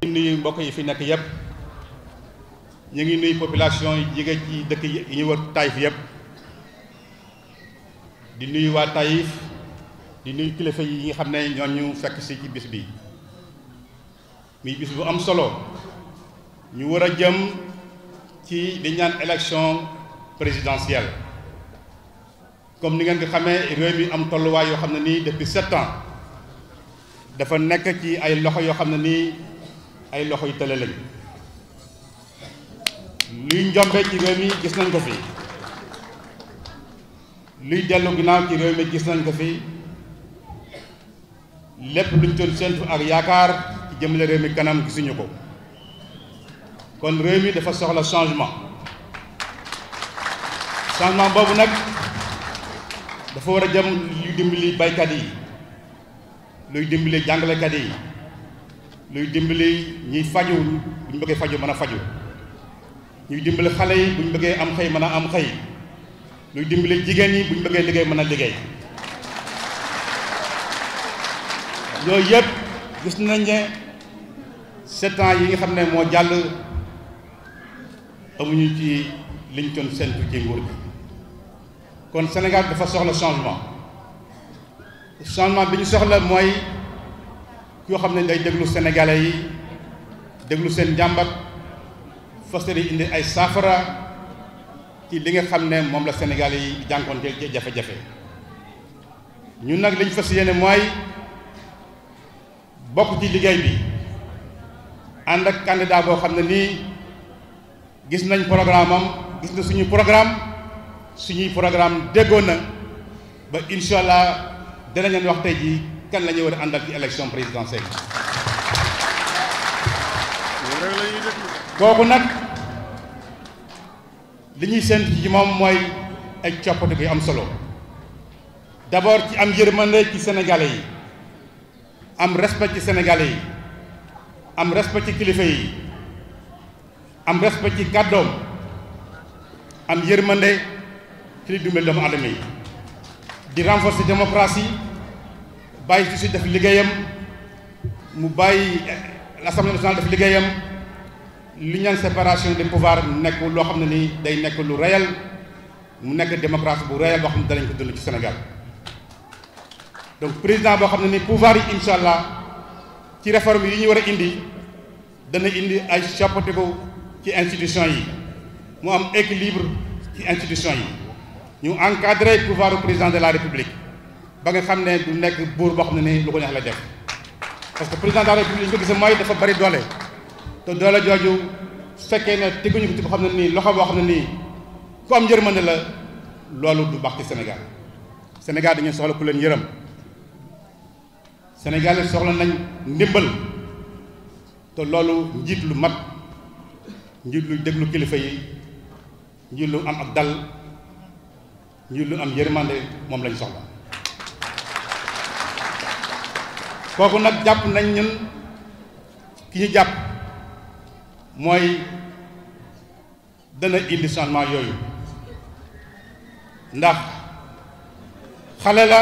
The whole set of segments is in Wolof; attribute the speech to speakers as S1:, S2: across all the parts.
S1: ñu ngi mbokk yi fi nekk yëpp ñu ngi nuyu population yi jege ci dëkk yi ñu wër Taïf yëpp di nuyu waa Taïf di kilifa yi nga xam ne ñoo ñu fekk si ci bis bi muy bis bu am solo ñu war a jëm ci di ñaan élection présidentielle comme ni ngeen ko xamee réew mi am tolluwaay yoo xam ne nii depuis sept ans dafa nekk ci ay loxo yoo xam ne nii. ay loxoy tële lañ luy njombe ci réew mi gis nañ ko fi luy dellu ginnaaw ci réew mi gis nañ ko fi lépp luñ doon séntu ak yaakaar ci jëmale réew mi kanam gisuñu ko kon réew mi dafa soxla changement changement boobu nag dafa war a jëm luy dimbali baykat yi luy dimbali jàngalekat yi luy dimbali ñuy faju bëggee faju mën a dimbali xale yi am xëy mën a am xëy luy dimbali jigéen yi liggéey mën a liggéey gis ne ans yi nga xam ne amuñu ci Sénégal dafa soxla changement changement yoo xam ne day déglu sénégalais yi déglu seen jàmbat fas yéene indi ay saafara ci li nga xam ne moom la sénégalais yi jànkonteel ci jafe-jafe ñun nag liñ fas yéene moy bokk ci liggéey bi ànd ak candidat boo xam ne nii gis nañ programme am gis na suñu programme suñuy programme déggoon na ba incha allah danañ leen wax tey jii kan la ci élection présidentielle kooku nag li ñuy ci moom mooy ay am solo d'abord ci am yërmande ci sénégalais yi am respect ci sénégalais yi am respect les kilifa yi am respect ci kàddoom am yërmande ci li doomu yi di renforcer démocratie di justice def liggéeyam mu bàyyi l'Assemblée nationale def liggéeyam li ñu naan séparation des pouvoirs nekk loo xam ne nii day nekk lu réel mu nekk démocratie bu réel boo xam ne dalañ ko dund ci Sénégal donc président boo xam ne nii pouvoir yi incha allah ci réforme yi ñuy war a indi dana indi ay chappatiku ci institution yi mu am équilibre ci institution yi ñu encadrer pouvoir président de la république ba nga xam ne du nekk buur boo xam ne nii lu ko neex la def parce que président de la république ñu ko gisee mooy dafa bari doole te doole jooju fekkee ne teguñu ko ci ko xam ne nii loxo boo xam ne nii ku am yërmande la loolu du baax ci Sénégal Sénégal dañu soxla ku leen yërëm soxla nañ ndimbal te loolu njiit lu mat njiit lu déglu kilifa yi njiit lu am ak dal njiit lu am yërmande moom lañu soxla kooku nag jàpp nañ ñun ki ñu jàpp mooy dana indi changement yooyu ndax xale la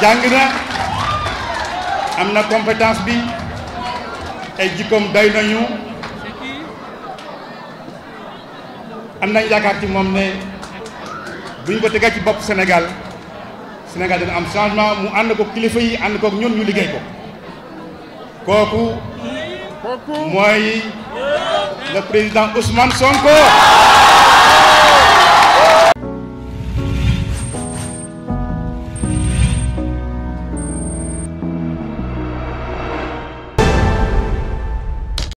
S1: jàng na am na compétence bi ay jikkoom doy nañu am na yaakaar ci moom ne bu ñu ko tegaat ci bop Sénégal Sénégal dina am changement mu and ko kilifa yi and ko ñun ñu liggéey ko kooku mooy le président Ousmane Sonko